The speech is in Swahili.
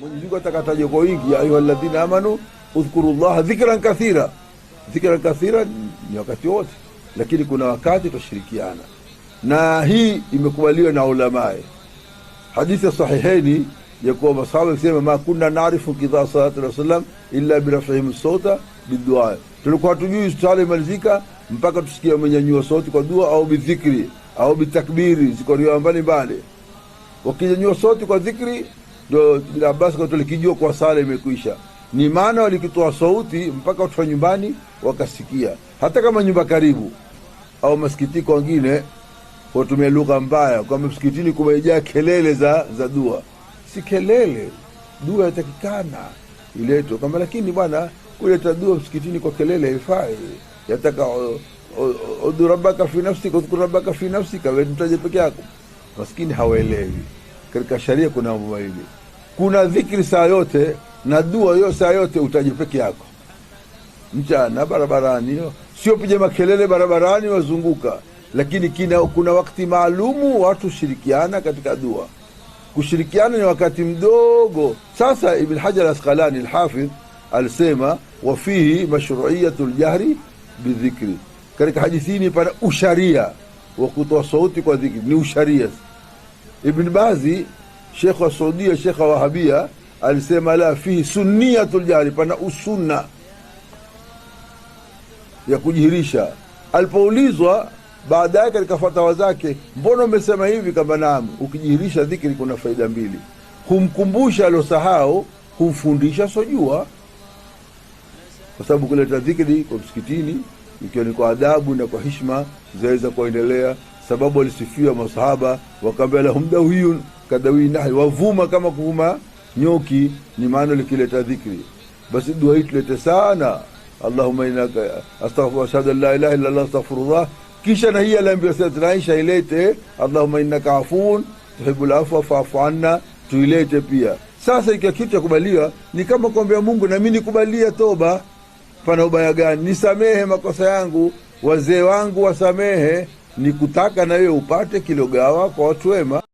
Mwenyezi Mungu atakataja kwa wingi, ya ayyuhalladhina amanu udhkurullaha dhikran kathira. Dhikran kathira ni wakati wote, lakini kuna wakati tutashirikiana, na hii imekubaliwa na ulamai. Hadithi ya Sahiheni ya kuwa masahaba akisema ma kunna naarifu kidha salatu wa illa birafihim sota bidua, tulikuwa hatujui sala imalizika mpaka tusikia mwenyanyua sauti kwa dua au bidhikri au bitakbiri, ziko riwaya mbalimbali, wakinyanyua sauti kwa dhikri ndo la Abbas kwa tulikijua kwa sala imekwisha, ni maana walikitoa sauti mpaka watu wa nyumbani wakasikia, hata kama nyumba karibu au masikitiko wengine watumia lugha mbaya kwamba msikitini kumejaa kelele za, za dua. Si kelele, dua yatakikana iletwe kama, lakini bwana, kuleta dua msikitini kwa kelele haifai. Yataka udhu rabbaka fi nafsika udhkur rabbaka fi nafsika, wewe mtaje peke yako. Maskini hawaelewi katika sharia kuna mambo mawili kuna dhikri saa yote na dua hiyo saa yote, utaji peke yako mchana barabarani, hiyo sio pija makelele barabarani wazunguka, lakini kina, kuna wakti maalumu watu shirikiana katika dua. Kushirikiana ni wakati mdogo. Sasa Ibn Hajar askalani lhafidh alisema wafihi mashruiyatu ljahri bidhikri, katika hadithini pana usharia wa kutoa sauti kwa dhikri, ni usharia. Ibn Bazi Shekh wa Saudia, shekh wa Wahabia alisema la fihi sunniyatul jahri, pana usunna ya kujihirisha. Alipoulizwa baadaye katika fatawa zake, mbona umesema hivi? Kamba naam, ukijihirisha dhikri kuna faida mbili, humkumbusha aliosahau, humfundisha sojua, kwa sababu kuleta dhikri kwa msikitini ikiwa ni kwa adabu na kwa hishma zaweza kuendelea, sababu alisifiwa masahaba wakaambia lahum dawiyun kadawi nahl, wavuma kama kuvuma nyoki, ni maana likileta dhikri. Basi dua hii tulete sana, allahuma inaka astaghfiruka, ashhadu an la ilaha illa Allah, astaghfirullah. Kisha na hii aliambiwa Sayyidatuna Aisha ilete, allahuma innaka afuun tuhibu lafwa faafu anna, tuilete pia. Sasa ikiwa kitu cha kubaliwa ni kama kuambia Mungu, nami nikubalia toba. Pana ubaya gani? Nisamehe makosa yangu, wazee wangu wasamehe, nikutaka na wewe upate kilogawa kwa watu wema.